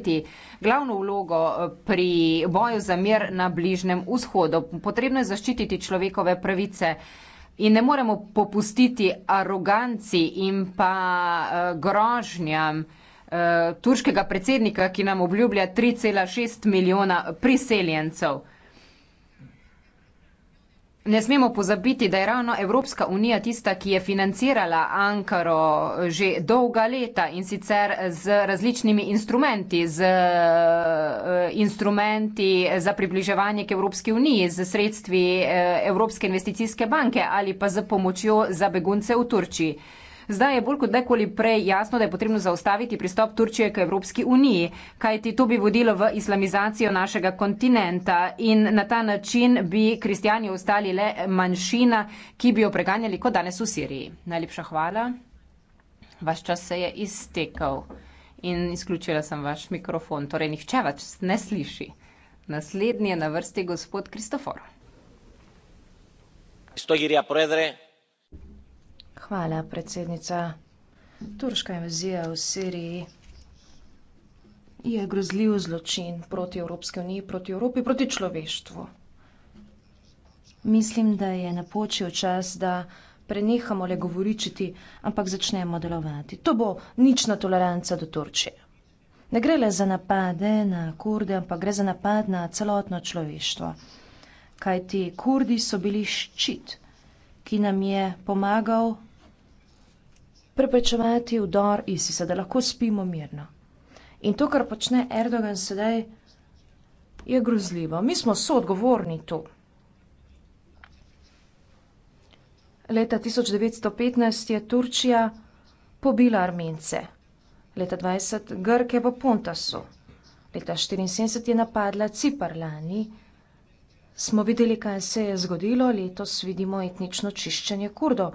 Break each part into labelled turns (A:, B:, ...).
A: imeti glavno vlogo eh, pri boju za mir na Bližnem vzhodu. Potrebno je zaščititi človekove pravice. In ne moremo popustiti aroganci in pa eh, grožnjam eh, turškega predsednika, ki nam obljublja 3,6 milijona priseljencev ne smemo pozabiti, da je ravno Evropska unija tista, ki je financirala Ankaro že dolga leta in sicer z različnimi instrumenti, z eh, instrumenti za približevanje k Evropski uniji, z sredstvi eh, Evropske investicijske banke ali pa z pomočjo za begunce v Turčiji. Zdaj je bolj kot nekoli prej jasno, da je potrebno zaustaviti pristop Turčije k Evropski uniji, kajti to bi vodilo v islamizacijo našega kontinenta in na ta način bi kristijani ostali le manjšina, ki bi jo preganjali kot danes v Siriji. Najlepša hvala. Vaš čas se je iztekel in izključila sem vaš mikrofon, torej nihče več ne sliši. Naslednji je na vrsti gospod Kristofor.
B: Gospod predsednik,
A: Hvala,
C: predsednica. Turška invazija v Siriji je grozljiv zločin proti Evropske unije, proti Evropi, proti človeštvu. Mislim, da je napočil čas, da prenehamo le govoričiti, ampak začnemo delovati. To bo nična toleranca do Turčije. Ne gre le za napade na kurde, ampak gre za napad na celotno človeštvo. Kajti kurdi so bili ščit, ki nam je pomagal preprečevati vdor ISIS-a, da lahko spimo mirno. In to, kar počne Erdogan sedaj, je grozljivo. Mi smo soodgovorni to. Leta 1915 je Turčija pobila Armence, leta 20 Grke v Pontasu, leta 1974 je napadla Cipar lani. Smo videli, kaj se je zgodilo, letos vidimo etnično čiščenje kurdov.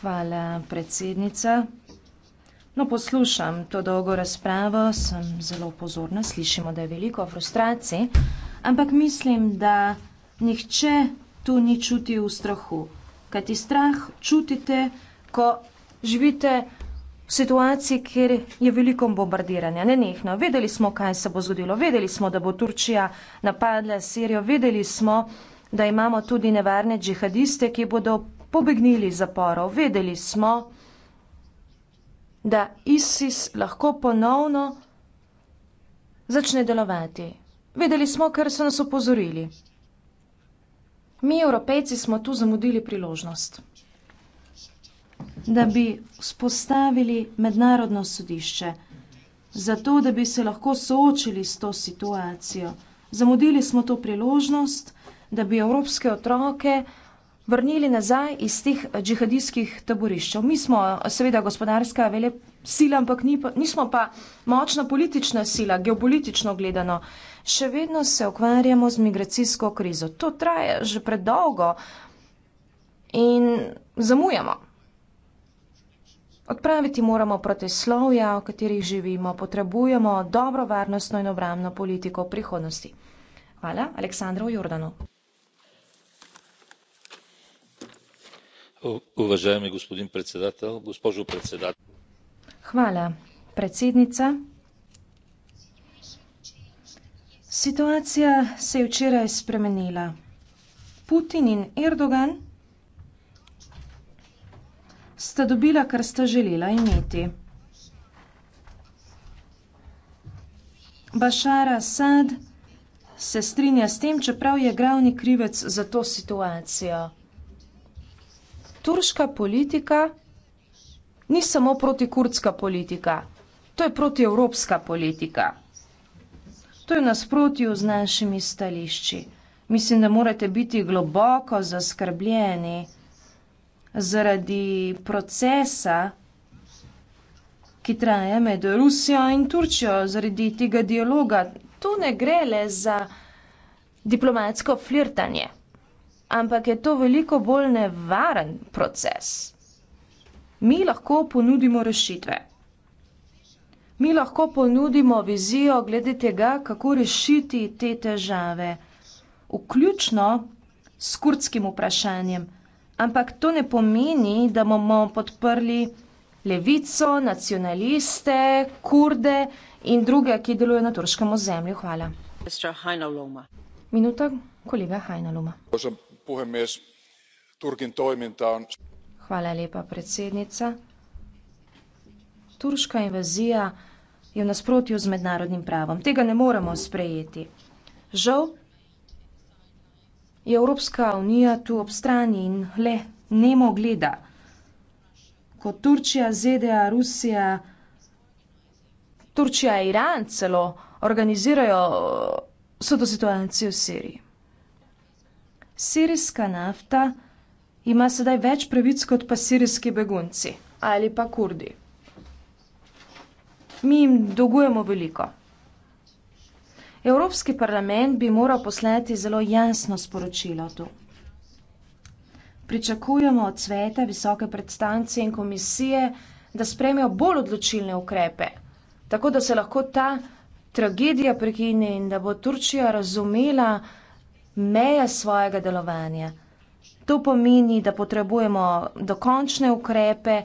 C: Hvala, predsednica. No, poslušam to dolgo razpravo, sem zelo pozorna, slišimo, da je veliko frustracij, ampak mislim, da nihče tu ni čutil v strahu. Kajti strah čutite, ko živite v situaciji, kjer je veliko bombardiranja, nenehno. Vedeli smo, kaj se bo zgodilo, vedeli smo, da bo Turčija napadla Sirijo, vedeli smo, da imamo tudi nevarne džihadiste, ki bodo pobegnili iz zaporov. Vedeli smo, da ISIS lahko ponovno začne delovati. Vedeli smo, ker so nas upozorili. Mi, evropejci, smo tu zamudili priložnost, da bi spostavili mednarodno sodišče, zato da bi se lahko soočili s to situacijo. Zamudili smo to priložnost, da bi evropske otroke vrnili nazaj iz tih džihadijskih taboriščev. Mi smo seveda gospodarska vele sila, ampak nismo pa močna politična sila, geopolitično gledano. Še vedno se ukvarjamo z migracijsko krizo. To traje že predolgo in zamujamo. Odpraviti moramo proteslovja, v katerih živimo. Potrebujemo dobro varnostno in obramno politiko v prihodnosti. Hvala, Aleksandro Jordanu. Уважаеми господин председател, госпожо председател. Хваля. Predsednica, situacija se je včeraj spremenila. Putin in Erdogan sta dobila, kar sta želela imeti. Bašar Asad se strinja s tem, čeprav je glavni krivec za to situacijo turška politika ni samo protikurdska politika, to je protievropska politika. To je v nasprotju z našimi stališči. Mislim, da morate biti globoko zaskrbljeni zaradi procesa, ki traja med Rusijo in Turčijo, zaradi tega dialoga. Tu ne gre le za diplomatsko flirtanje ampak je to veliko bolj nevaren proces. Mi lahko ponudimo rešitve. Mi lahko ponudimo vizijo glede tega, kako rešiti te težave, vključno s kurdskim vprašanjem. Ampak to ne pomeni, da bomo podprli levico, nacionaliste, kurde in druge, ki delujejo na turškem ozemlju. Hvala. Minuta, kolega Hajnaluma puhemies
D: Turkin toiminta on
C: Hvala lepa, predsednica. Turška invazija je v nasprotju z mednarodnim pravom. Tega ne moremo sprejeti. Žal je Evropska unija tu ob strani in le nemo gleda. Ko Turčija, ZDA, Rusija, Turčija, Iran celo organizirajo, eh, so to situacije v Siriji. Sirijska nafta ima sedaj več pravic kot pa sirijski begunci ali pa kurdi. Mi jim dolgujemo veliko. Evropski parlament bi moral poslati zelo jasno sporočilo tu. Pričakujemo od sveta, visoke predstavnice in komisije, da spremijo bolj odločilne ukrepe, tako da se lahko ta tragedija prekine in da bo Turčija razumela, meje svojega delovanja. To pomeni, da potrebujemo dokončne ukrepe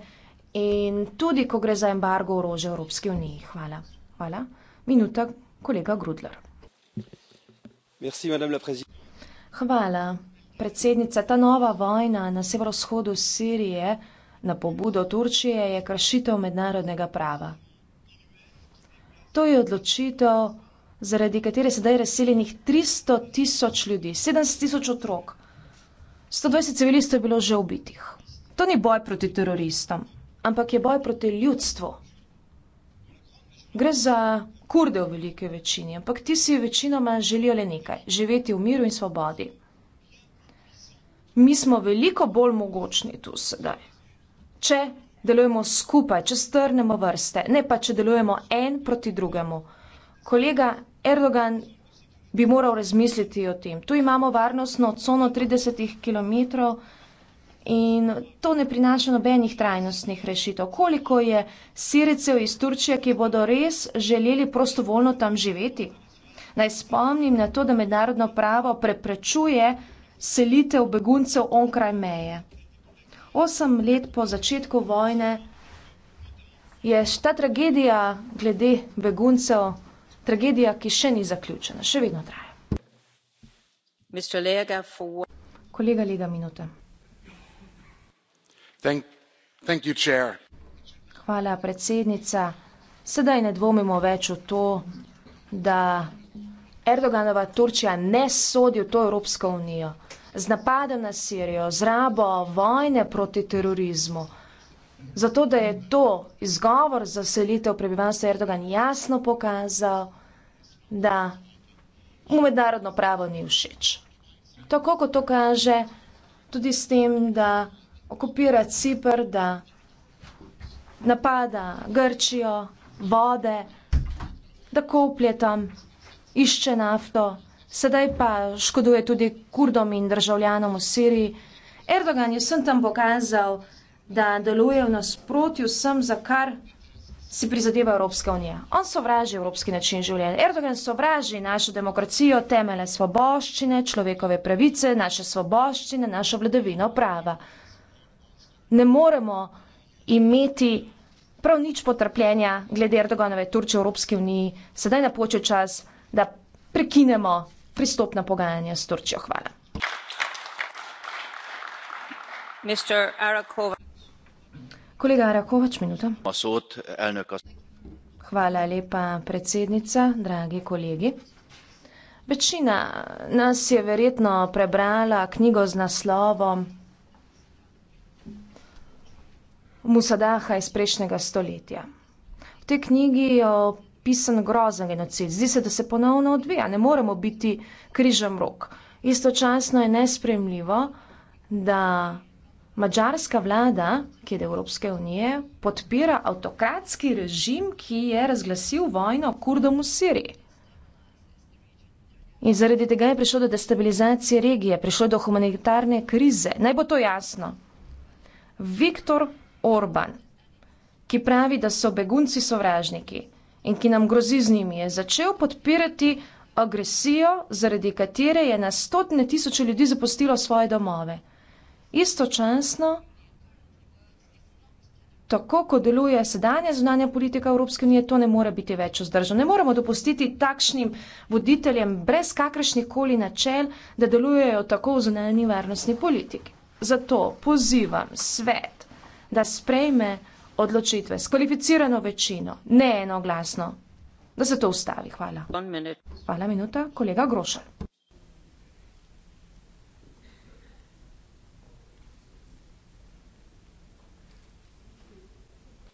C: in tudi, ko gre za embargo orožja v Evropski uniji. Hvala. Hvala. Minuta, kolega Grudler. Hvala. Predsednica, ta nova vojna na severovzhodu Sirije na pobudo Turčije je kršitev mednarodnega prava. To je odločitev zaradi katere sedaj razseljenih 300 tisoč ljudi, 70 tisoč otrok. 120 civilistov je bilo že ubitih. To ni boj proti teroristom, ampak je boj proti ljudstvu. Gre za kurde v veliki večini, ampak ti si večinoma želijo le nekaj - živeti v miru in svobodi. Mi smo veliko bolj mogočni tu sedaj, če delujemo skupaj, če strnemo vrste, ne pa če delujemo en proti drugemu. Kolega Erdogan bi moral razmisliti o tem. Tu imamo varnostno cono 30 km in to ne prinaša nobenih trajnostnih rešitev. Koliko je siricev iz Turčije, ki bodo res želeli prostovoljno tam živeti? Naj spomnim na to, da mednarodno pravo preprečuje selitev beguncev onkraj meje. Osem let po začetku vojne je ta tragedija glede beguncev tragedija, ki še ni zaključena, še vedno traja. Kolega Lega, minuta.
A: Thank, thank
C: Hvala, predsednica. Sedaj ne dvomimo več v to, da Erdoganova Turčija ne sodi v to Evropsko unijo. Z napadem na Sirijo, z rabo vojne proti terorizmu. Zato, da je to izgovor za selitev prebivalstva Erdogan jasno pokazal, da mu mednarodno pravo ni všeč. Tako kot to kaže tudi s tem, da okupira Cipr, da napada Grčijo, vode, da koplje tam, išče nafto, sedaj pa škoduje tudi kurdom in državljanom v Siriji. Erdogan je sem tam pokazal, da je to izgovor za selitev prebivalstva Erdogan jasno pokazal, da mu mednarodno pravo ni všeč da deluje v nasprotju vsem, za kar si prizadeva Evropska unija. On sovraži evropski način življenja. Erdogan sovraži našo demokracijo, temele svoboščine, človekove pravice, naše svoboščine, našo vladavino prava. Ne moremo imeti prav nič potrpljenja glede Erdoganove Turčije v Evropski uniji. Sedaj napoče čas, da prekinemo pristopna pogajanja s Turčijo. Hvala.
A: Mr. Arakova.
C: Kolega Rakovač, minuta. Masot, Hvala lepa, predsednica, dragi kolegi. Večina nas je verjetno prebrala knjigo z naslovom Musadaha iz prejšnjega stoletja. V tej knjigi je opisan grozen genocid. Zdi se, da se ponovno odvija. Ne moremo biti križem rok. Istočasno je nespremljivo, da Mačarska vlada, ki je del Evropske unije, podpira avtokratski režim, ki je razglasil vojno Kurdom v Siriji. In zaradi tega je prišlo do destabilizacije regije, prišlo do humanitarne krize. Naj bo to jasno. Viktor Orban, ki pravi, da so begunci sovražniki in ki nam grozi z njimi, je začel podpirati agresijo, zaradi katere je na stotine tisoče ljudi zapustilo svoje domove. Istočasno, tako kot deluje sedanja zunanja politika Evropske unije, to ne more biti več vzdržno. Ne moremo dopustiti takšnim voditeljem brez kakršnih koli načel, da delujejo tako v zunanji varnostni politiki. Zato pozivam svet, da sprejme odločitve s kvalificirano večino, ne enoglasno, da se to ustavi. Hvala.
E: Hvala,
C: minuta, kolega Grošelj.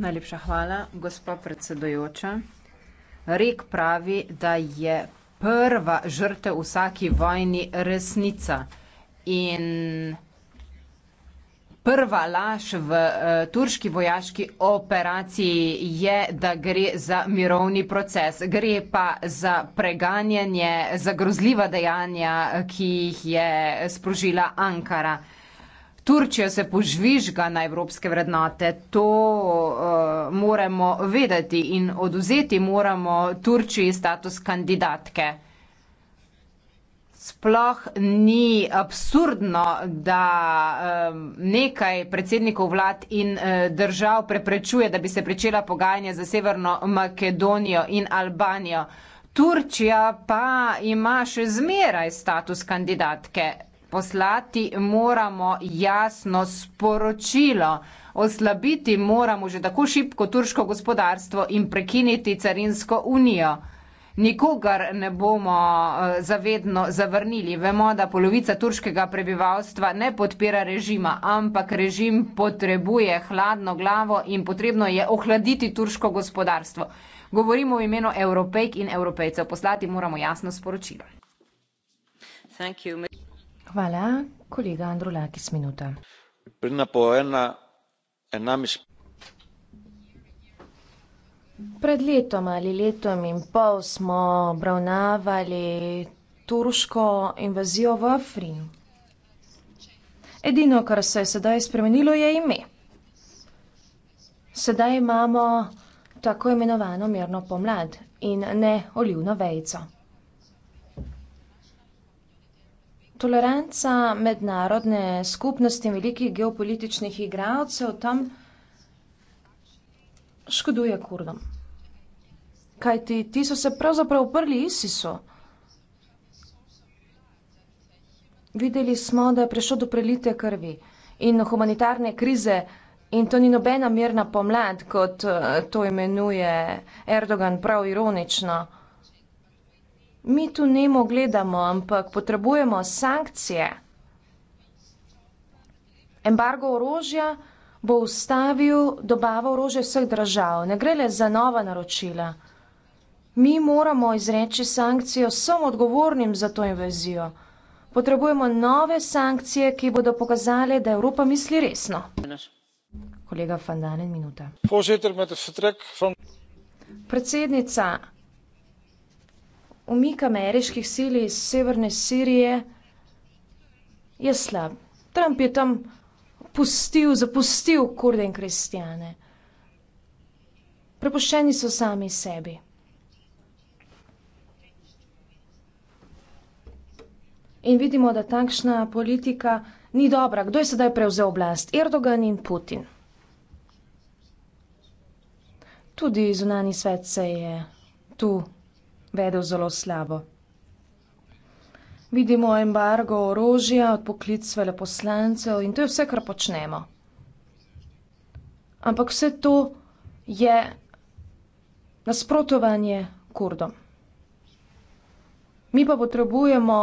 A: Najlepša hvala, gospa predsedujoča. Rek pravi, da je prva žrtev v vsaki vojni resnica. In prva laž v, eh, turški vojaški operaciji je, da gre za mirovni proces. Gre pa za preganjanje, za grozljiva dejanja, ki jih je sprožila Ankara. Turčija se požvižga na evropske vrednote, to uh, moramo vedeti in oduzeti moramo Turčiji status kandidatke. Sploh ni absurdno, da um, nekaj predsednikov vlad in uh, držav preprečuje, da bi se pričela pogajanja za Severno Makedonijo in Albanijo. Turčija pa ima še zmeraj status kandidatke poslati moramo jasno sporočilo. Oslabiti moramo že tako šibko turško gospodarstvo in prekiniti carinsko unijo. Nikogar ne bomo eh, zavedno zavrnili. Vemo, da polovica turškega prebivalstva ne podpira režima, ampak režim potrebuje hladno glavo in potrebno je ohladiti turško gospodarstvo. Govorimo v imenu Evropejk in Evropejcev. Poslati moramo jasno sporočilo. Thank you. Hvala.
C: Kolega Andrulakis, minuta. Pred letom ali letom in pol smo obravnavali turško invazijo v Afrin. Edino, kar se je sedaj spremenilo, je ime. Sedaj imamo tako imenovano mirno pomlad in ne olivno vejco. toleranca mednarodne skupnosti velikih geopolitičnih igralcev tam škoduje kurdom. Kaj ti, ti so se pravzaprav uprli ISIS-u. Videli smo, da je prišlo do prelite krvi in humanitarne krize in to ni nobena mirna pomlad, kot eh, to imenuje Erdogan prav ironično mi tu nemo gledamo, ampak potrebujemo sankcije. Embargo orožja bo ustavil dobavo orožja vseh držav. Ne gre le za nova naročila. Mi moramo izreči sankcijo vsem odgovornim za to invazijo. Potrebujemo nove sankcije, ki bodo pokazali, da Evropa misli resno. Kolega Fandanen, minuta. Predsednica, umik ameriških sil iz severne Sirije je slab. Trump je tam pustil, zapustil kurde in kristijane. Prepuščeni so sami sebi. In vidimo, da takšna politika ni dobra. Kdo je sedaj prevzel oblast? Erdogan in Putin. Tudi zunani svet se je tu vedel zelo slabo. Vidimo embargo orožja, odpoklic veleposlancev in to je vse, kar počnemo. Ampak vse to je nasprotovanje kurdom. Mi pa potrebujemo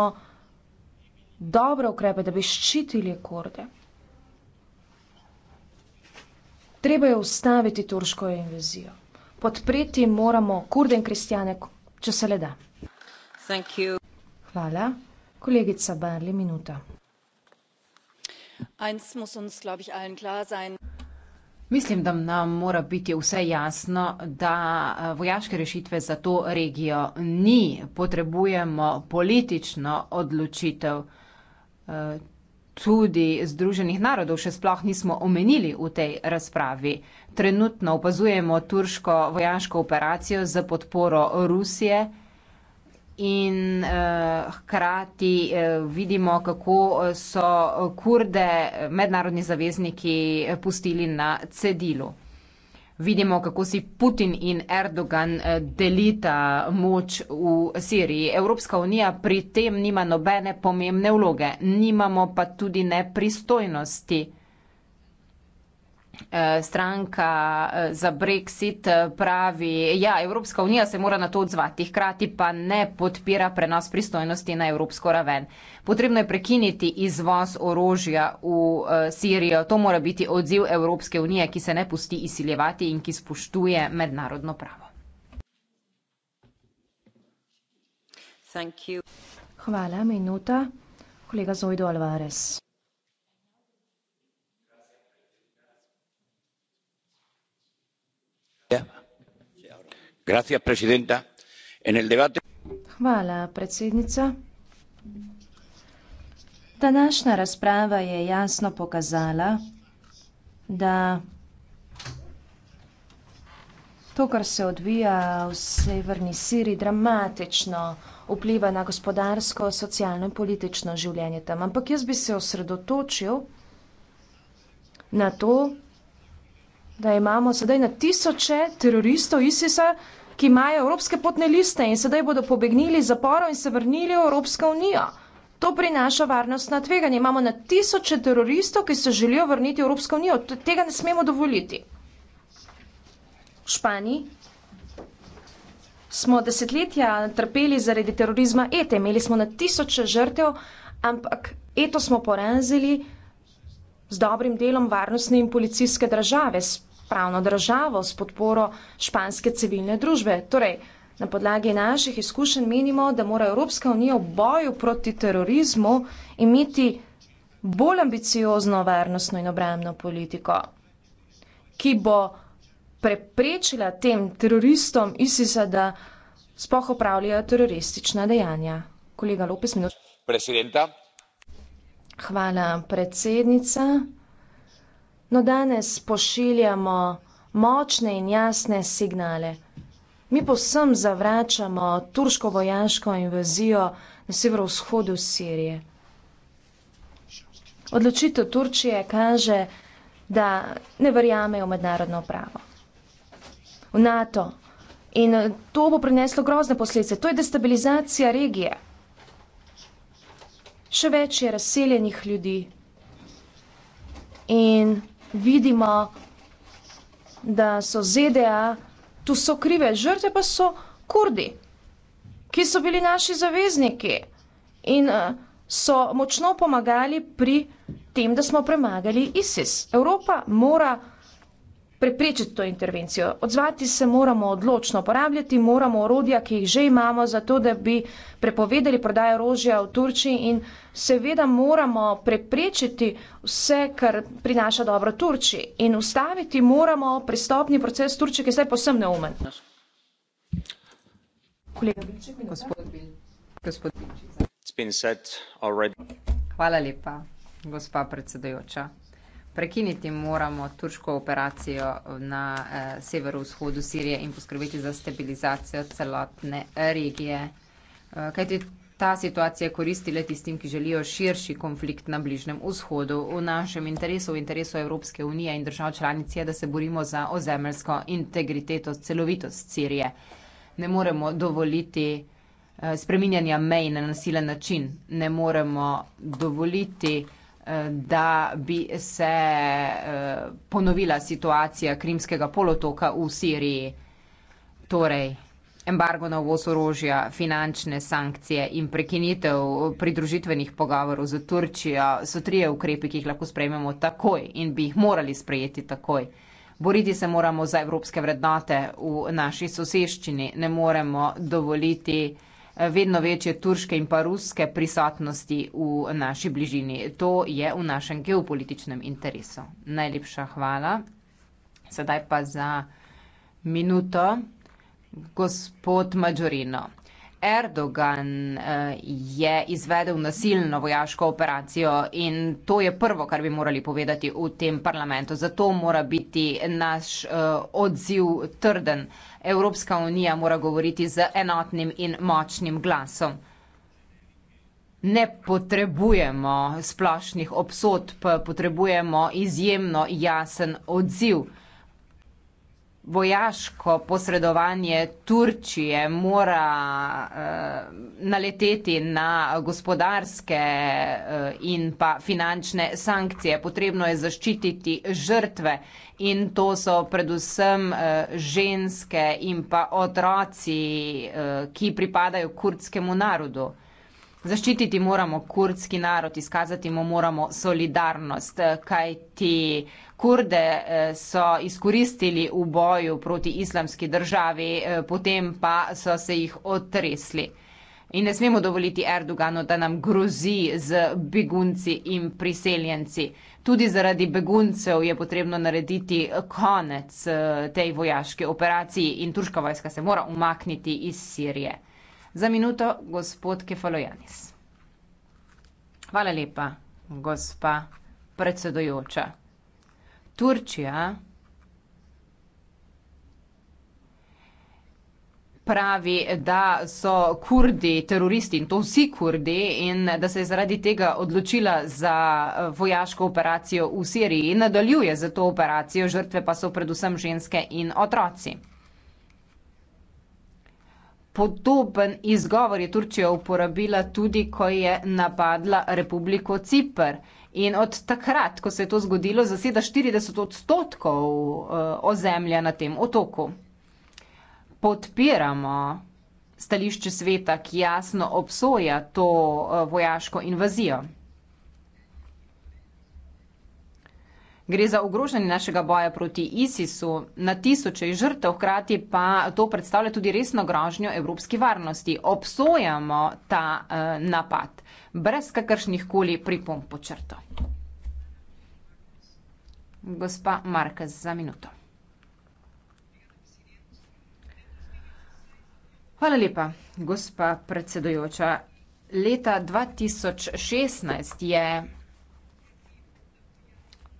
C: dobre ukrepe, da bi ščitili kurde. Treba je ustaviti turško invazijo. Podpreti moramo kurde in kristjane, če se le da. Hvala. Kolegica Barli, minuta.
A: Mislim, da nam mora biti vse jasno, da eh, vojaške rešitve za to regijo ni. Potrebujemo politično odločitev. Eh, tudi Združenih narodov še sploh nismo omenili v tej razpravi. Trenutno opazujemo turško vojaško operacijo za podporo Rusije in eh, hkrati eh, vidimo, kako so kurde mednarodni zavezniki pustili na cedilu vidimo, kako si Putin in Erdogan eh, delita moč v Siriji. Evropska unija pri tem nima nobene pomembne vloge, nimamo pa tudi ne pristojnosti. Eh, stranka eh, za brexit eh, pravi, ja, Evropska unija se mora na to odzvati, hkrati pa ne podpira prenos pristojnosti na evropsko raven. Potrebno je prekiniti izvoz orožja v Sirijo. To mora biti odziv Evropske unije, ki se ne pusti izsiljevati in ki spoštuje mednarodno pravo.
C: Hvala, minuta. Kolega Zoido Alvarez. Hvala, predsednica. Današnja razprava je jasno pokazala, da to, kar se odvija v severni Siriji, dramatično vpliva na gospodarsko, socialno in politično življenje tam. Ampak jaz bi se osredotočil na to, da imamo sedaj na tisoče teroristov ISIS-a, ki imajo evropske potne liste in sedaj bodo pobegnili iz zaporov in se vrnili v Evropsko unijo. To prinaša varnost na tveganje. Imamo na tisoče teroristov, ki se želijo vrniti v Evropsko unijo. Tega ne smemo dovoliti. V Španiji smo desetletja trpeli zaradi terorizma ETE. Imeli smo na tisoče žrtev, ampak ETO smo porazili z dobrim delom varnostne in policijske države pravno državo s podporo španske civilne družbe. Torej, na podlagi naših izkušenj menimo, da mora Evropska unija v boju proti terorizmu imeti bolj ambiciozno varnostno in obrambno politiko, ki bo preprečila tem teroristom ISIS-a, da spoh opravljajo teroristična dejanja. Kolega Lopes,
F: minuto.
C: Hvala, predsednica. No, danes pošiljamo močne in jasne signale. Mi posem zavračamo turško vojaško invazijo na severovzhodu Sirije. Odločitev Turčije kaže, da ne verjamejo v mednarodno pravo, v NATO. In eh, to bo prineslo grozne posledice. To je destabilizacija regije. Še več je razseljenih ljudi. In vidimo, da so ZDA, tu so krive, žrtve pa so kurdi, ki so bili naši zavezniki in eh, so močno pomagali pri tem, da smo premagali ISIS. Evropa mora vsega, preprečiti to intervencijo. Odzvati se moramo odločno, uporabljati moramo orodja, ki jih že imamo, zato da bi prepovedali prodajo orožja v Turčiji in seveda moramo preprečiti vse, kar prinaša dobro Turčiji. In ustaviti moramo pristopni proces Turčije, ki je zdaj posem neumen.
A: Hvala lepa, gospa predsedujoča prekiniti moramo turško operacijo na eh, severovzhodu Sirije in poskrbeti za stabilizacijo celotne eh, regije. Eh, kajti ta situacija koristi le tistim, ki želijo širši konflikt na Bližnem vzhodu. V našem interesu, v interesu Evropske unije in držav članic je, da se borimo za ozemelsko integriteto, celovitost Sirije. Ne moremo dovoliti eh, spreminjanja mej na nasilen način. Ne moremo dovoliti da bi se eh, ponovila situacija Krimskega polotoka v Siriji. Torej, embargo na uvoz orožja, finančne sankcije in prekinitev pridružitvenih pogovorov z Turčijo so trije ukrepi, ki jih lahko sprejmemo takoj in bi jih morali sprejeti takoj. Boriti se moramo za evropske vrednote v naši soseščini, ne moremo dovoliti vedno večje turške in pa ruske prisotnosti v naši bližini. To je v našem geopolitičnem interesu. Najlepša hvala. Sedaj pa za minuto, gospod Mađorino. Erdogan eh, je izvedel nasilno vojaško operacijo in to je prvo, kar bi morali povedati v tem parlamentu. Zato mora biti naš eh, odziv trden. Evropska unija mora govoriti z enotnim in močnim glasom. Ne potrebujemo splošnih obsodb, potrebujemo izjemno jasen odziv vojaško posredovanje Turčije mora eh, naleteti na gospodarske eh, in pa finančne sankcije. Potrebno je zaščititi žrtve in to so predvsem eh, ženske in pa otroci, eh, ki pripadajo kurdskemu narodu. Zaščititi moramo kurdski narod, izkazati mu moramo solidarnost, kajti kurde eh, so izkoristili v boju proti islamski državi, eh, potem pa so se jih otresli. In ne smemo dovoliti Erdoganu, da nam grozi z begunci in priseljenci. Tudi zaradi beguncev je potrebno narediti konec eh, tej vojaški operaciji in turška vojska se mora umakniti iz Sirije. Za minuto gospod Kefalojanis. Hvala lepa, gospa predsedojoča. Turčija pravi, da so Kurdi teroristi in to vsi Kurdi in da se je zaradi tega odločila za eh, vojaško operacijo v Siriji in nadaljuje za to operacijo, žrtve pa so predvsem ženske in otroci. Podoben izgovor je Turčija uporabila tudi, ko je napadla Republiko Cipr. In od takrat, ko se je to zgodilo, zaseda 40 odstotkov eh, ozemlja na tem otoku. Podpiramo stališče sveta, ki jasno obsoja to eh, vojaško invazijo. Gre za ogrožanje našega boja proti ISIS-u, na tisoče žrtev, hkrati pa to predstavlja tudi resno grožnjo evropski varnosti. Obsojamo ta uh, napad brez kakršnih koli pripomp po črto. Gospa Markez, za minuto. Hvala lepa, gospa predsedujoča. Leta 2016 je.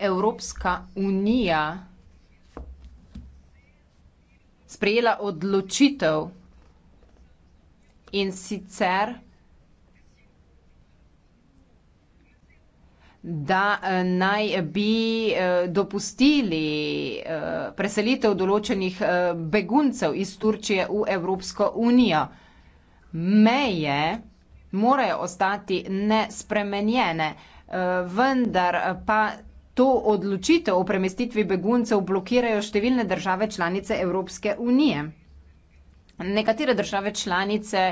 A: Evropska unija sprejela odločitev, in sicer da, eh, naj bi, eh, dopustili, eh, preselitev določenih, beguncev iz Turčije v Evropsko unijo. Meje morajo ostati nespremenjene, vendar pa To odločitev o premestitvi beguncev blokirajo številne države članice Evropske unije. Nekatere države članice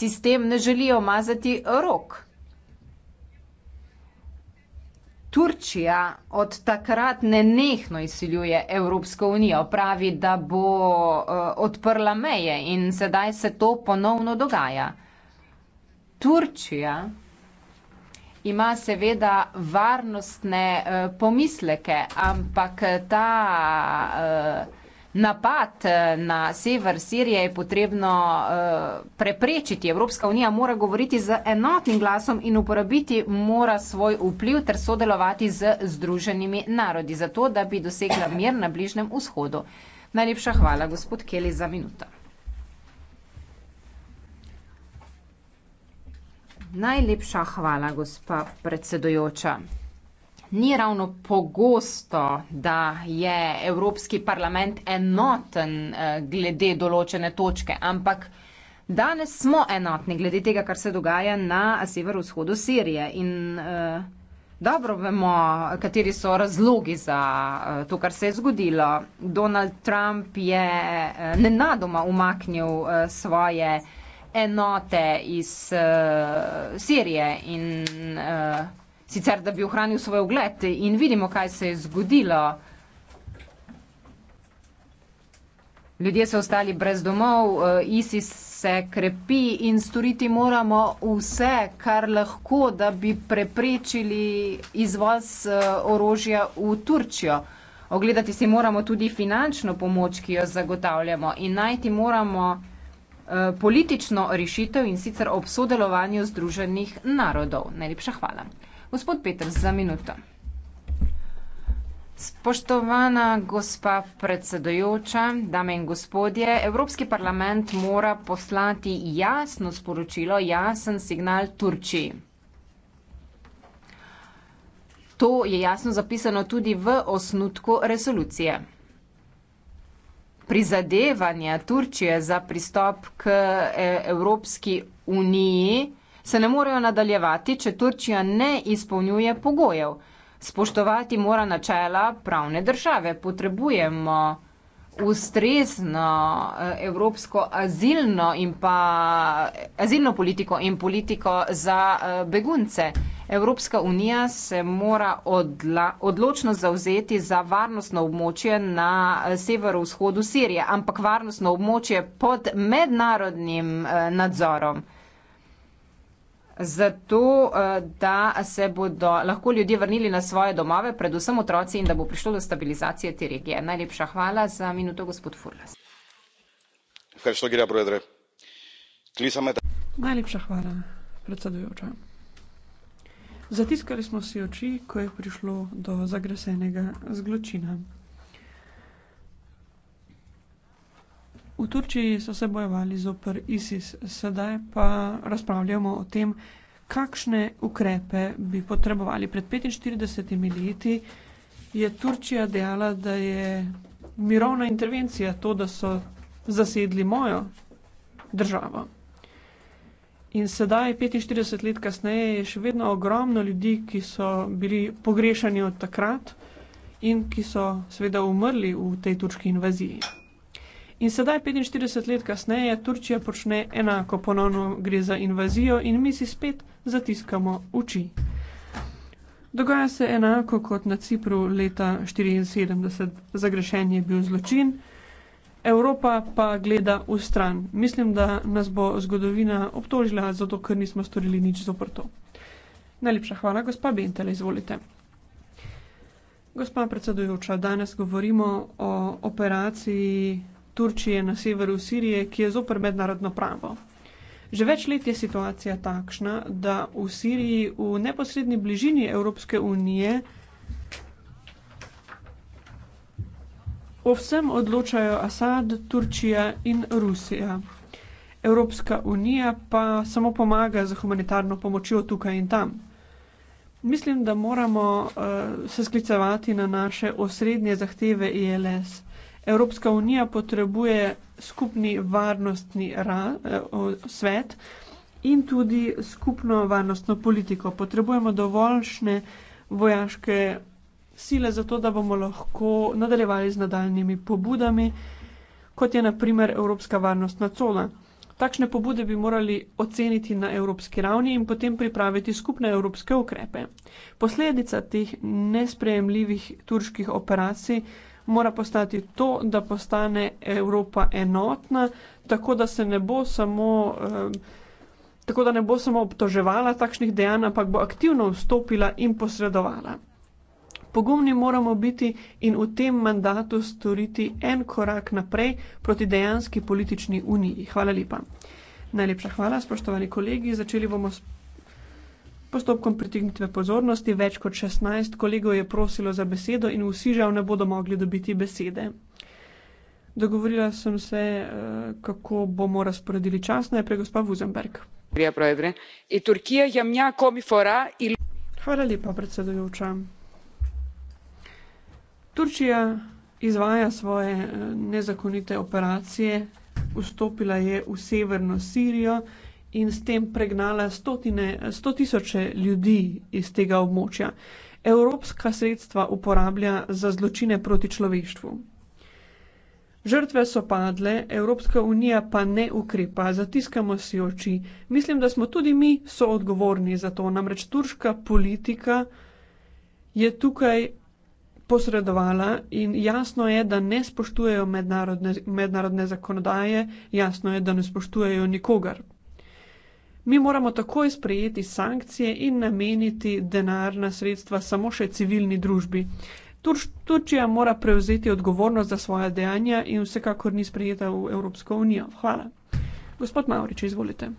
A: sistem ne želijo mazati rok. Turčija od takrat ne nehno izsiljuje Evropsko unijo, pravi, da bo eh, odprla meje in sedaj se to ponovno dogaja. Turčija ima seveda varnostne eh, pomisleke, ampak eh, ta eh, napad na sever Sirije je potrebno preprečiti. Evropska unija mora govoriti z enotnim glasom in uporabiti mora svoj vpliv ter sodelovati z združenimi narodi, zato da bi dosegla mir na Bližnem vzhodu. Najlepša hvala, gospod Kelly, za minuto. Najlepša hvala, gospa predsedujoča. Ni ravno pogosto, da je Evropski parlament enoten eh, glede določene točke, ampak danes smo enotni glede tega, kar se dogaja na severovzhodu Sirije. In eh, dobro vemo, kateri so razlogi za eh, to, kar se je zgodilo. Donald Trump je eh, nenadoma umaknil eh, svoje enote iz uh, Sirije in uh, sicer, da bi ohranil svoj ugled in vidimo, kaj se je zgodilo. Ljudje so ostali brez domov, uh, ISIS se krepi in storiti moramo vse, kar lahko, da bi preprečili izvoz uh, orožja v Turčijo. Ogledati si moramo tudi finančno pomoč, ki jo zagotavljamo in najti moramo Eh, politično rešitev in sicer ob sodelovanju Združenih narodov. Najlepša hvala. Gospod Peter, za minuto. Spoštovana gospa predsedojoča, dame in gospodje, Evropski parlament mora poslati jasno sporočilo, jasen signal Turčiji. To je jasno zapisano tudi v osnutku resolucije prizadevanja Turčije za pristop k e, Evropski uniji se ne morejo nadaljevati, če Turčija ne izpolnjuje pogojev. Spoštovati mora načela pravne države. Potrebujemo ustrezno e, evropsko azilno, azilno politiko in politiko za e, begunce. Evropska unija se mora odla, odločno zauzeti za varnostno območje na eh, severovzhodu Sirije, ampak varnostno območje pod mednarodnim eh, nadzorom. Zato, eh, da se bodo lahko ljudje vrnili na svoje domove, predvsem otroci, in da bo prišlo do stabilizacije te regije. Najlepša hvala za minuto, gospod
D: Furlas.
E: Najlepša hvala, predsedujoča. Zatiskali smo si oči, ko je prišlo do zagresenega zločina. V Turčiji so se bojevali zopr ISIS, sedaj pa razpravljamo o tem, kakšne ukrepe bi potrebovali. Pred 45 leti je Turčija dejala, da je mirovna intervencija to, da so zasedli mojo državo. In sedaj, 45 let kasneje, je še vedno ogromno ljudi, ki so bili pogrešani od takrat in ki so seveda umrli v tej turški invaziji. In sedaj, 45 let kasneje, Turčija počne enako, ponovno gre za invazijo in mi si spet zatiskamo oči. Dogaja se enako kot na Cipru leta 1974, zagrešen je bil zločin. Evropa pa gleda v stran. Mislim, da nas bo zgodovina obtožila, zato ker nismo storili nič z oprto. Najlepša hvala, gospa Bentele, izvolite. Gospa predsedujoča, danes govorimo o operaciji Turčije na severu Sirije, ki je zoper mednarodno pravo. Že več let je situacija takšna, da v Siriji v neposredni bližini Evropske unije O vsem odločajo Asad, Turčija in Rusija. Evropska unija pa samo pomaga z humanitarno pomočjo tukaj in tam. Mislim, da moramo uh, se sklicevati na naše osrednje zahteve ILS. E Evropska unija potrebuje skupni varnostni ra, uh, svet in tudi skupno varnostno politiko. Potrebujemo dovoljšne vojaške sile za to, da bomo lahko nadaljevali z nadaljnimi pobudami, kot je naprimer Evropska varnostna cona. Takšne pobude bi morali oceniti na evropski ravni in potem pripraviti skupne evropske ukrepe. Posledica teh nesprejemljivih turških operacij mora postati to, da postane Evropa enotna, tako da se ne bo samo. Eh, Tako da ne bo samo obtoževala takšnih dejanj, ampak bo aktivno vstopila in posredovala. Pogumni moramo biti in v tem mandatu storiti en korak naprej proti dejanski politični uniji. Hvala lepa. Najlepša hvala, spoštovani kolegi. Začeli bomo s postopkom pritegnitve pozornosti. Več kot 16 kolegov je prosilo za besedo in vsi žal ne bodo mogli dobiti besede. Dogovorila sem se, eh, kako bomo razporedili čas. Najprej gospa Vuzenberg. Hvala lepa, predsedujoča. Turčija izvaja svoje eh, nezakonite operacije, vstopila je v severno Sirijo in s tem pregnala stotine, eh, sto tisoče ljudi iz tega območja. Evropska sredstva uporablja za zločine proti človeštvu. Žrtve so padle, Evropska unija pa ne ukrepa, zatiskamo si oči. Mislim, da smo tudi mi soodgovorni za to, namreč turška politika je tukaj posredovala in jasno je, da ne spoštujejo mednarodne, mednarodne zakonodaje, jasno je, da ne spoštujejo nikogar. Mi moramo takoj sprejeti sankcije in nameniti denarna sredstva samo še civilni družbi. Turč, Turčija mora prevzeti odgovornost za svoja dejanja in vsekakor ni sprejeta v Evropsko unijo. Hvala. Gospod Maurič, izvolite.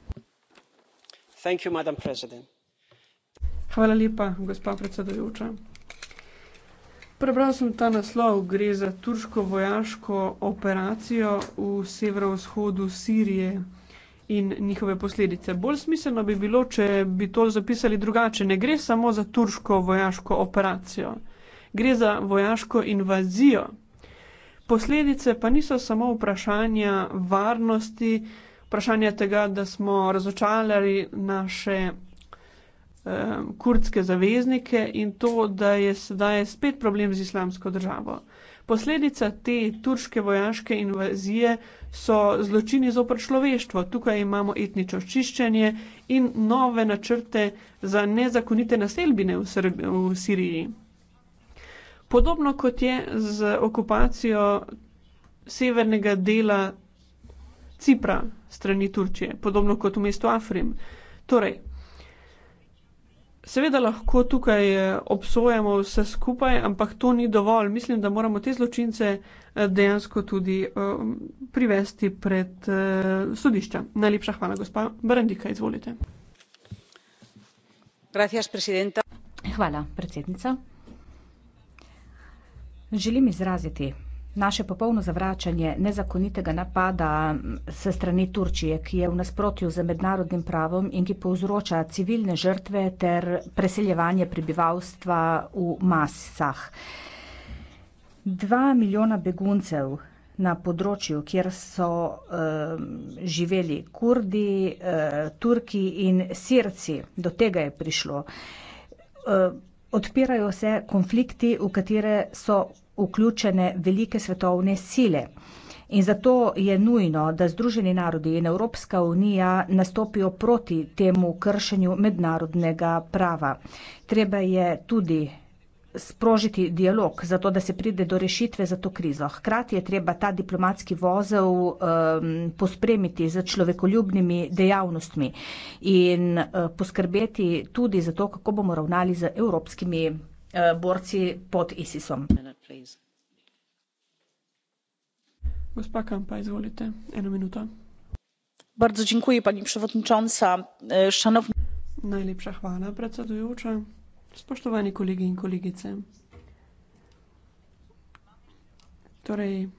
E: Thank you, Hvala lepa, gospa predsedujoča. Prebral sem ta naslov, gre za turško vojaško operacijo v severovzhodu Sirije in njihove posledice. Bolj smiselno bi bilo, če bi to zapisali drugače. Ne gre samo za turško vojaško operacijo, gre za vojaško invazijo. Posledice pa niso samo vprašanja varnosti, vprašanja tega, da smo razočarali naše eh, kurdske zaveznike in to, da je sedaj spet problem z islamsko državo. Posledica te turške vojaške invazije so zločini zopr človeštvo. Tukaj imamo etnično očiščenje in nove načrte za nezakonite naselbine v, Srb v Siriji. Podobno kot je z okupacijo severnega dela Cipra strani Turčije, podobno kot v mestu Afrim. Torej, Seveda lahko tukaj eh, obsojamo vse skupaj, ampak to ni dovolj. Mislim, da moramo te zločince eh, dejansko tudi eh, privesti pred sodišča. Najlepša hvala, gospa Brendika, izvolite. Hvala, predsednica.
G: Želim izraziti naše popolno zavračanje nezakonitega napada se strani Turčije, ki je v nasprotju z mednarodnim pravom in ki povzroča civilne žrtve ter preseljevanje prebivalstva v masah. Dva milijona beguncev na področju, kjer so eh, živeli kurdi, eh, turki in sirci, do tega je prišlo. Eh, odpirajo se konflikti, v katere so vključene velike svetovne sile. In zato je nujno, da Združeni narodi in Evropska unija nastopijo proti temu kršenju mednarodnega prava. Treba je tudi sprožiti dialog, zato da se pride do rešitve za to krizo. Hkrati je treba ta diplomatski vozel um, pospremiti z človekoljubnimi dejavnostmi in uh, poskrbeti tudi za to, kako bomo ravnali z evropskimi Eh, borci pod ISIS-om. Gospa
E: Kampa, izvolite. Ena minuta. Bardzo dziękuję, pani przewodnicząca. E, szanowni... Najlepsza chwała, predsedujuca. Spoštovani kolegi in kolegice. Torej,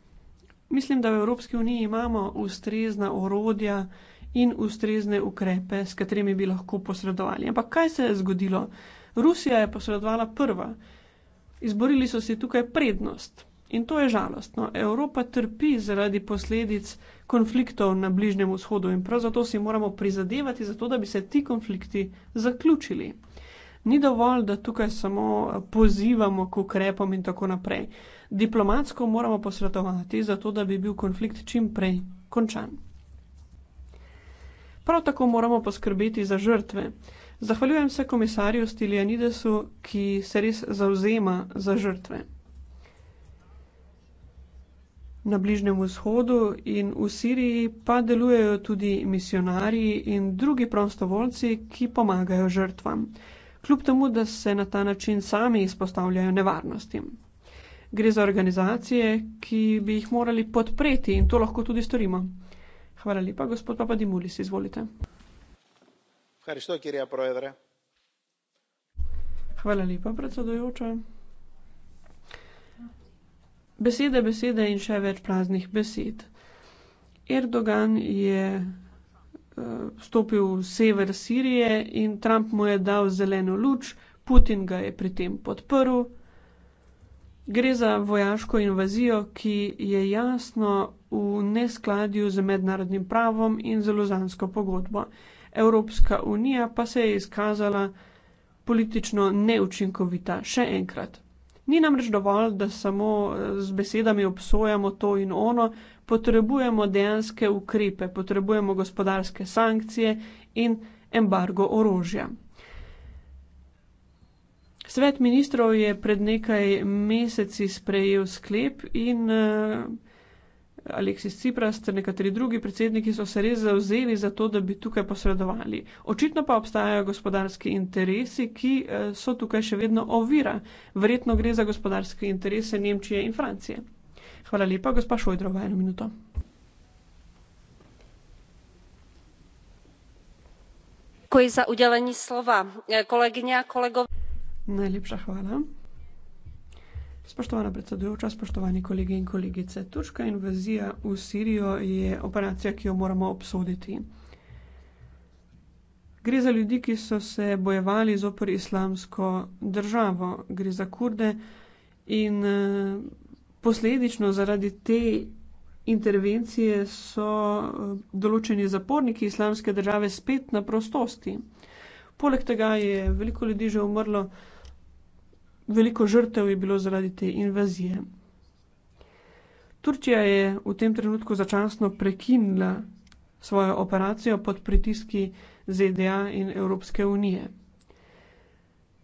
E: mislim, da v Evropski uniji imamo ustrezna orodja in ustrezne ukrepe, s katerimi bi lahko posredovali. Ampak kaj se je zgodilo? Rusija je posredovala prva. Izborili so si tukaj prednost in to je žalostno. Evropa trpi zaradi posledic konfliktov na Bližnjem vzhodu in prav zato si moramo prizadevati, zato, da bi se ti konflikti zaključili. Ni dovolj, da tukaj samo pozivamo k ukrepom in tako naprej. Diplomatsko moramo posredovati, zato, da bi bil konflikt čim prej končan. Prav tako moramo poskrbeti za žrtve. Zahvaljujem se komisarju Stiljanidesu, ki se res zauzema za žrtve. Na Bližnjem vzhodu in v Siriji pa delujejo tudi misionarji in drugi prostovoljci, ki pomagajo žrtvam, kljub temu, da se na ta način sami izpostavljajo nevarnostim. Gre za organizacije, ki bi jih morali podpreti in to lahko tudi storimo. Hvala lepa, gospod Papa Dimulis, izvolite. Hvala lepa, predsedujoča. Besede, besede in še več praznih besed. Erdogan je, vstopil eh, v sever Sirije in Trump mu je dal zeleno luč, Putin ga je pri tem podprl. Gre za vojaško invazijo, ki je jasno v neskladju z mednarodnim pravom in z lozansko pogodbo. Evropska unija pa se je izkazala politično neučinkovita še enkrat. Ni namreč dovolj, da samo eh, z besedami obsojamo to in ono, potrebujemo dejanske ukrepe, potrebujemo gospodarske sankcije in embargo orožja. Svet ministrov je pred nekaj meseci sprejel sklep in uh, Aleksis Cipras ter nekateri drugi predsedniki so se res zauzeli za to, da bi tukaj posredovali. Očitno pa obstajajo gospodarski interesi, ki eh, so tukaj še vedno ovira. Verjetno gre za gospodarske interese Nemčije in Francije. Hvala lepa, gospa Šojdrova, eno minuto.
G: Za slova. Kolegyňa, kolego...
E: Najlepša hvala. Spoštovana predsedujoča, spoštovani kolegi in kolegice, turška invazija v Sirijo je operacija, ki jo moramo obsoditi. Gre za ljudi, ki so se bojevali zoper islamsko državo, gre za Kurde in, eh, posledično zaradi te intervencije so, eh, določeni zaporniki islamske države spet na prostosti. Poleg tega je veliko ljudi že umrlo, veliko žrtev je bilo zaradi te invazije. Turčija je v tem trenutku začasno prekinila svojo operacijo pod pritiski ZDA in Evropske unije.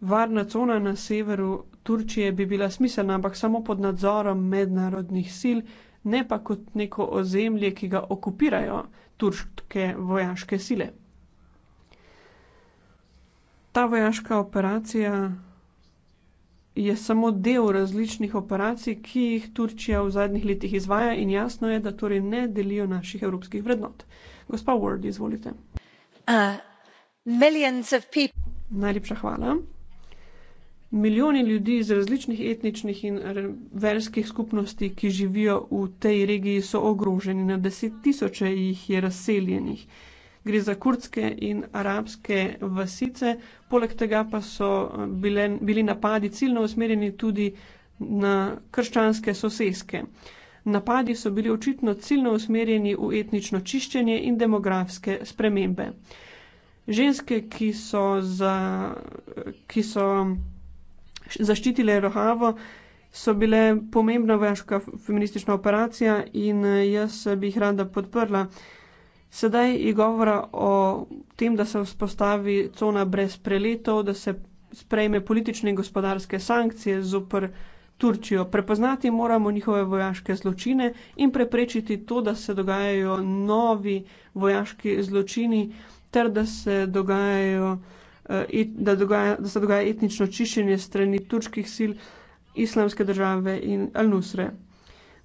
E: Varna cona na severu Turčije bi bila smiselna, ampak samo pod nadzorom mednarodnih sil, ne pa kot neko ozemlje, ki ga okupirajo turške vojaške sile. Ta vojaška operacija je samo del različnih operacij, ki jih Turčija v zadnjih letih izvaja in jasno je, da torej ne delijo naših evropskih vrednot. Gospa Ward, izvolite. Uh, Najlepša hvala. Milijoni ljudi iz različnih etničnih in verskih skupnosti, ki živijo v tej regiji, so ogroženi. Na desettisoče jih je razseljenih gre za kurdske in arabske vasice, poleg tega pa so bile, bili napadi ciljno usmerjeni tudi na krščanske soseske. Napadi so bili očitno ciljno usmerjeni v etnično čiščenje in demografske spremembe. Ženske, ki so, za, ki so zaščitile Rohavo, so bile pomembna vojaška feministična operacija in jaz bi jih rada podprla. Uh, Sedaj je govora o tem, da se vzpostavi cona brez preletov, da se sprejme politične in gospodarske sankcije zoper Turčijo. Prepoznati moramo njihove vojaške zločine in preprečiti to, da se dogajajo novi vojaški zločini, ter da se dogajajo. Eh, da, dogaja, da se dogaja etnično čiščenje strani turških sil, islamske države in Al-Nusre.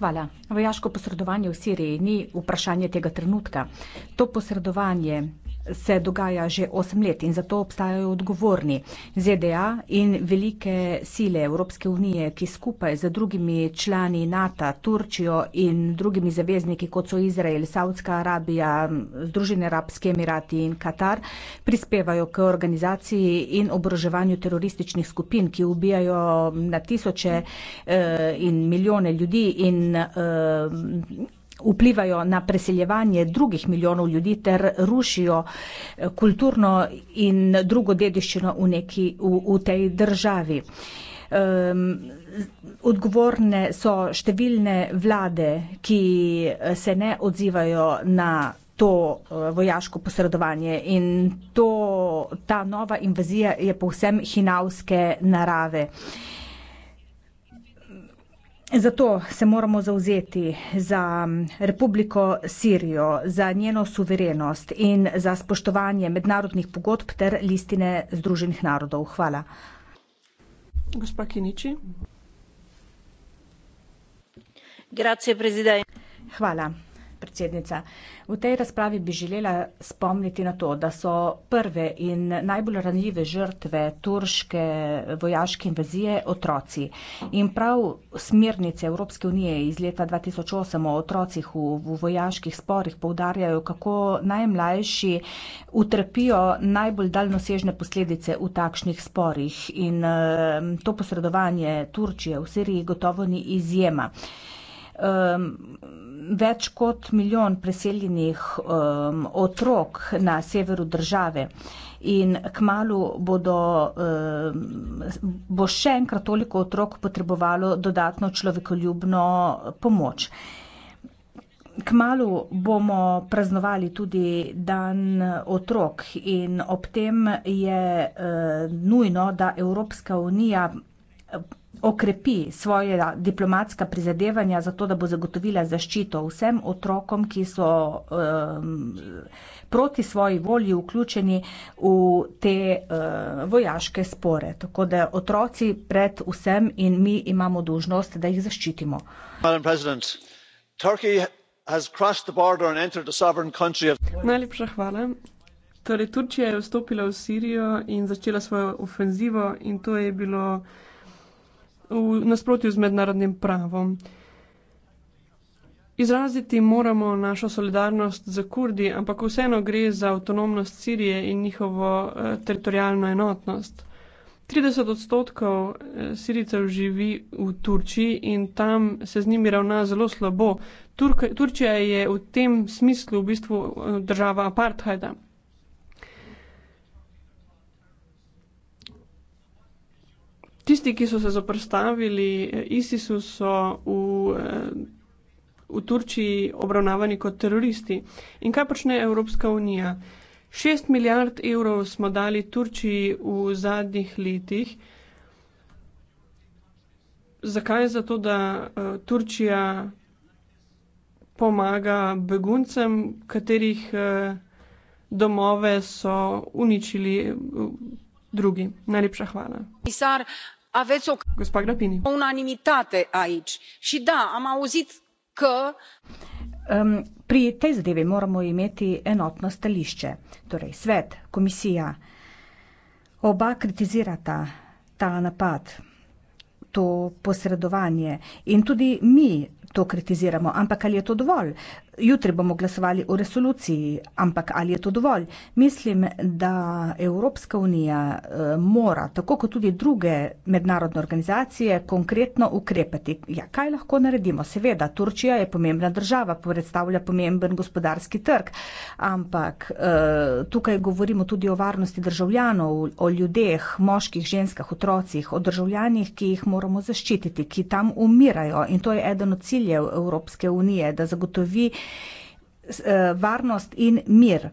E: Hvala.
G: Vojaško posredovanje v Siriji ni vprašanje tega trenutka. To posredovanje se dogaja že osem let in zato obstajajo odgovorni. ZDA in velike sile Evropske unije, ki skupaj z drugimi člani NATO, Turčijo in drugimi zavezniki, kot so Izrael, Saudska Arabija, Združene arabske emirati in Katar, prispevajo k organizaciji in obroževanju terorističnih skupin, ki ubijajo na tisoče eh, in milijone ljudi in eh, vplivajo na preseljevanje drugih milijonov ljudi ter rušijo eh, kulturno in drugo dediščino v neki, v, v tej državi. Um, odgovorne so številne vlade, ki eh, se ne odzivajo na to eh, vojaško posredovanje in to, ta nova invazija je povsem hinavske narave. Uh, Zato se moramo zauzeti za Republiko Sirijo, za njeno suverenost in za spoštovanje mednarodnih pogodb ter listine Združenih narodov. Hvala. Gospa Kiniči. Grazie, Hvala predsednica. V tej razpravi bi želela spomniti na to, da so prve in najbolj ranljive žrtve turške vojaške invazije otroci. In prav smernice Evropske unije iz leta 2008 o otrocih v, v vojaških sporih poudarjajo, kako najmlajši utrpijo najbolj daljnosežne posledice v takšnih sporih. In eh, to posredovanje Turčije v Siriji gotovo ni izjema um, več kot milijon preseljenih um, otrok na severu države. In kmalo bodo, bo še enkrat toliko otrok potrebovalo dodatno človekoljubno pomoč. Kmalo bomo praznovali tudi dan otrok in ob tem je eh, nujno, da Evropska unija okrepi svoje diplomatska prizadevanja za to, da bo zagotovila zaščito vsem otrokom, ki so um, proti svoji volji vključeni v te uh, vojaške spore. Tako da otroci pred vsem in mi imamo dožnost, da jih zaščitimo.
E: Najlepša hvala. Torej, Turčija je vstopila v Sirijo in začela svojo ofenzivo in to je bilo v nasprotju z mednarodnim pravom. Izraziti moramo našo solidarnost za Kurdi, ampak vseeno gre za avtonomnost Sirije in njihovo eh, teritorijalno enotnost. 30 odstotkov eh, Siricev živi v Turčiji in tam se z njimi ravna zelo slabo. Turka, Turčija je v tem smislu v bistvu eh, država apartheida. Tisti, ki so se zoprstavili eh, ISIS-u, so v, eh, v Turčiji obravnavani kot teroristi. In kaj počne Evropska unija? 6 milijard evrov smo dali Turčiji v zadnjih letih. Zakaj? Zato, da uh, Turčija pomaga beguncem, katerih uh, domove so uničili. Uh, drugi. Najlepša hvala.
G: Gospa Grapini. unanimitate aici. Și da, am auzit că... Um, pri tej zadevi moramo imeti enotno stališče. Torej, svet, komisija, oba kritizirata ta napad, to posredovanje in tudi mi to kritiziramo. Ampak ali je to dovolj? Jutri bomo glasovali o resoluciji, ampak ali je to dovolj? Mislim, da Evropska unija eh, mora, tako kot tudi druge mednarodne organizacije, konkretno ukrepati. Ja, kaj lahko naredimo? Seveda, Turčija je pomembna država, predstavlja pomemben gospodarski trg, ampak eh, tukaj govorimo tudi o varnosti državljanov, o ljudeh, moških, ženskah, otrocih, o državljanih, ki jih moramo zaščititi, ki tam umirajo. In to je eden od ciljev Evropske unije, da zagotovi, Eh, varnost in mir.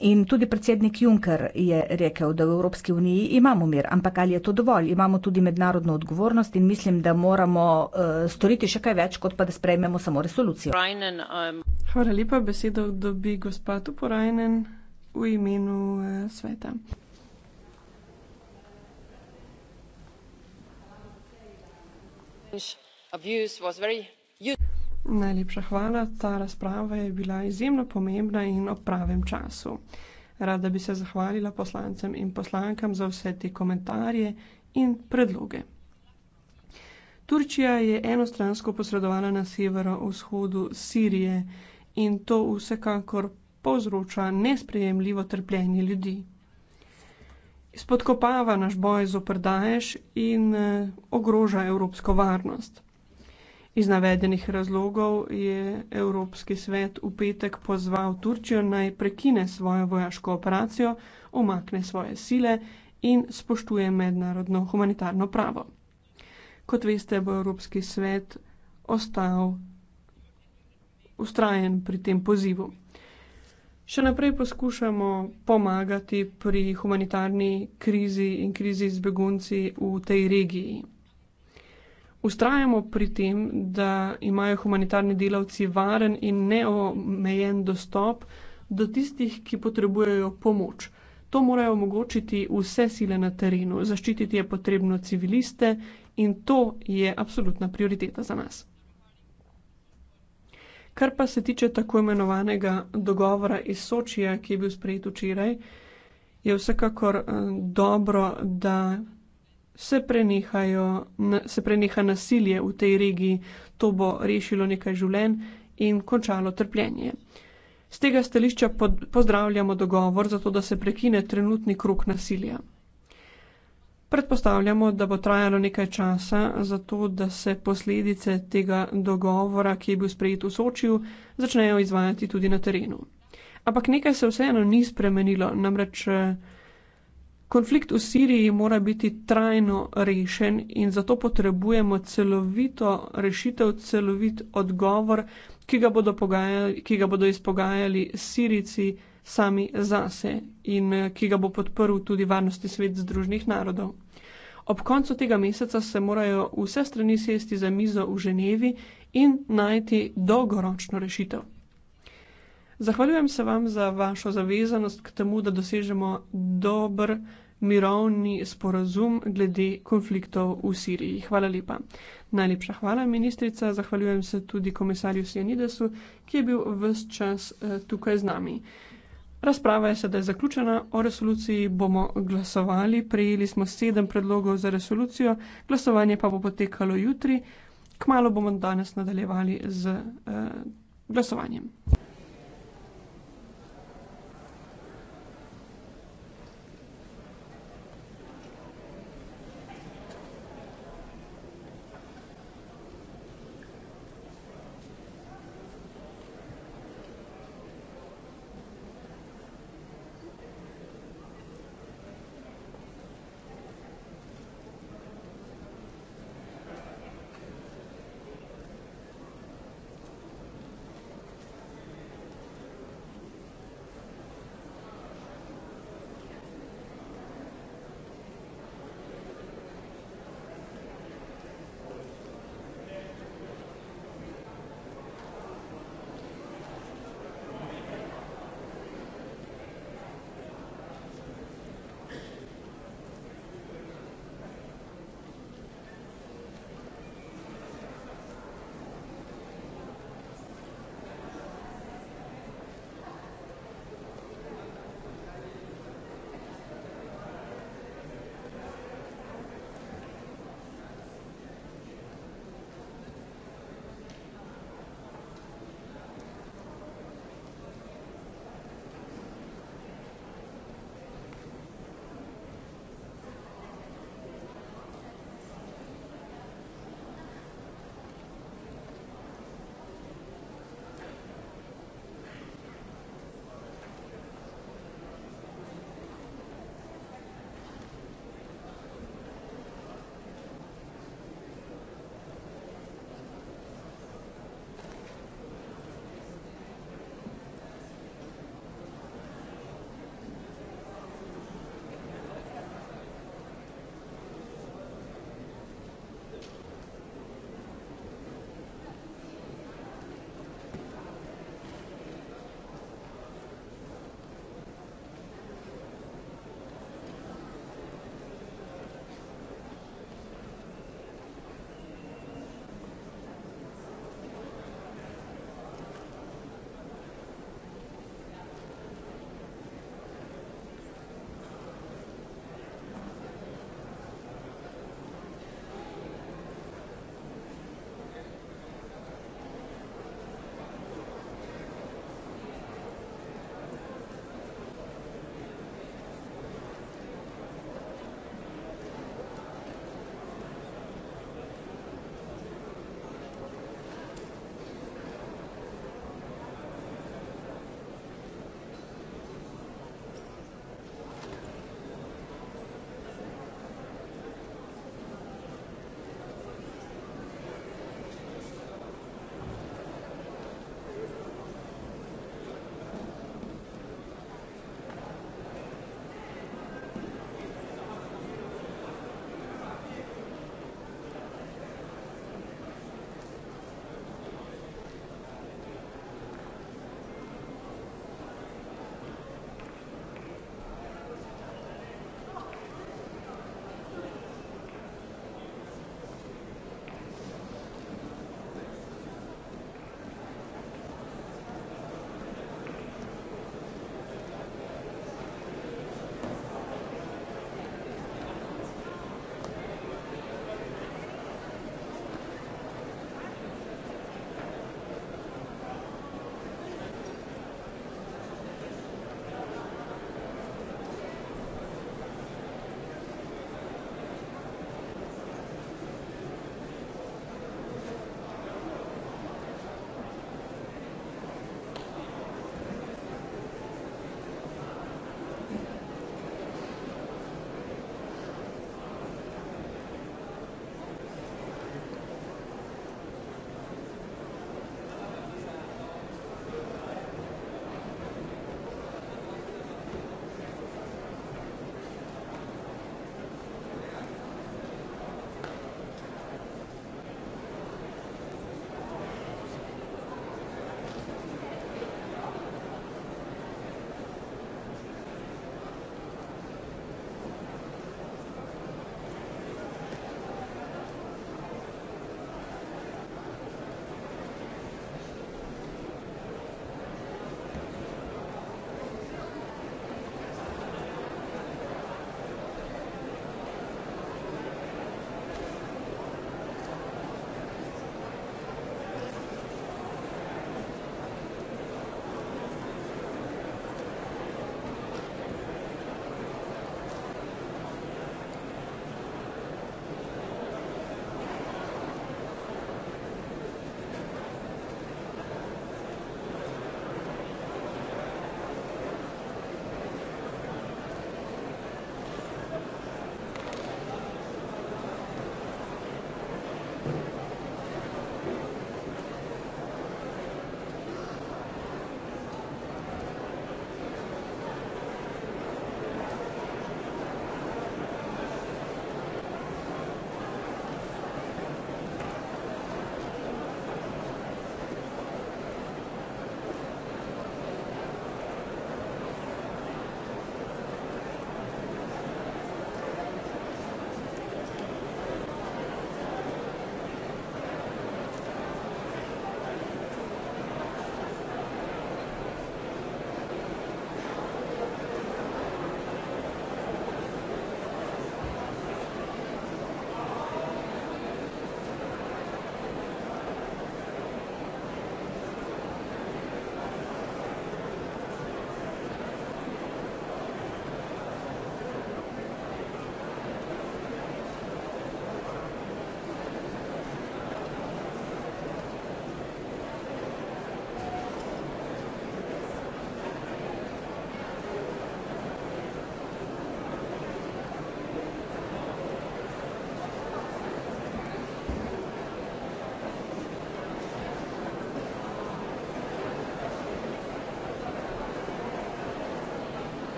G: In tudi predsednik Juncker je rekel, da v Evropski uniji imamo mir, ampak ali je to dovolj? Imamo tudi mednarodno odgovornost in mislim, da moramo uh, storiti še kaj več, kot pa da sprejmemo samo resolucijo.
E: Reinen, um... Hvala lepa, besedo dobi gospod Uporajnen v imenu uh, sveta.
A: Abuse was very useful.
E: Najlepša hvala. Ta razprava je bila izjemno pomembna in ob pravem času. Rada bi se zahvalila poslancem in poslankam za vse te komentarje in predloge. Turčija je enostransko posredovala na severo-vzhodu Sirije in to vsekakor povzroča nesprejemljivo trpljenje ljudi. Spodkopava naš boj z oprdaješ in eh, ogroža evropsko varnost. Iz navedenih razlogov je Evropski svet v petek pozval Turčijo naj prekine svojo vojaško operacijo, omakne svoje sile in spoštuje mednarodno humanitarno pravo. Kot veste, bo Evropski svet ostal ustrajen pri tem pozivu. Še naprej poskušamo pomagati pri humanitarni krizi in krizi z begunci v tej regiji. Ustrajamo pri tem, da imajo humanitarni delavci varen in neomejen dostop do tistih, ki potrebujejo pomoč. To morajo omogočiti vse sile na terenu. Zaščititi je potrebno civiliste in to je apsolutna prioriteta za nas. Kar pa se tiče tako imenovanega dogovora iz Sočija, ki je bil sprejet včeraj, je vsekakor eh, dobro, da se, prenehajo, na, se preneha nasilje v tej regiji, to bo rešilo nekaj življenj in končalo trpljenje. Z tega stališča pod, pozdravljamo dogovor, zato da se prekine trenutni krok nasilja. Predpostavljamo, da bo trajalo nekaj časa, zato da se posledice tega dogovora, ki je bil sprejet v Sočiju, začnejo izvajati tudi na terenu. Ampak nekaj se vseeno ni spremenilo, namreč eh, Konflikt v Siriji mora biti trajno rešen in zato potrebujemo celovito rešitev, celovit odgovor, ki ga bodo, pogajali, ki ga bodo izpogajali Sirici sami zase in ki ga bo podprl tudi Varnostni svet Združenih narodov. Ob koncu tega meseca se morajo vse strani sesti za mizo v Ženevi in najti dolgoročno rešitev. Zahvaljujem se vam za vašo zavezanost k temu, da dosežemo dober mirovni sporazum glede konfliktov v Siriji. Hvala lepa. Najlepša hvala, ministrica. Zahvaljujem se tudi komisarju Sienidesu, ki je bil vse čas eh, tukaj z nami. Razprava je sedaj zaključena, o resoluciji bomo glasovali. Prejeli smo sedem predlogov za resolucijo, glasovanje pa bo potekalo jutri. Kmalo bomo danes nadaljevali z eh, glasovanjem.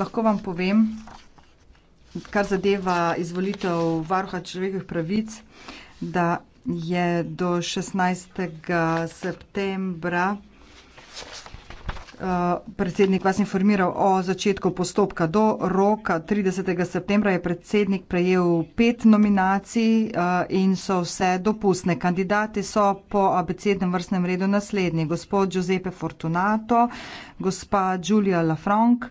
G: Lahko vam povem, kar zadeva izvolitev varuha človekovih pravic, da je do 16. septembra Eh, predsednik vas informiral o začetku postopka. Do roka 30. septembra je predsednik prejel pet nominacij eh, in so vse dopustne. Kandidati so po abecednem vrstnem redu naslednji. Gospod Giuseppe Fortunato, gospa Giulia Lafranc,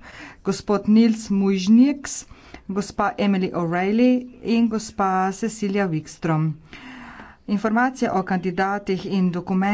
G: gospod Nils Mužniks, gospa Emily O'Reilly in gospa Cecilia Wikstrom. Informacije o kandidatih in dokumentih.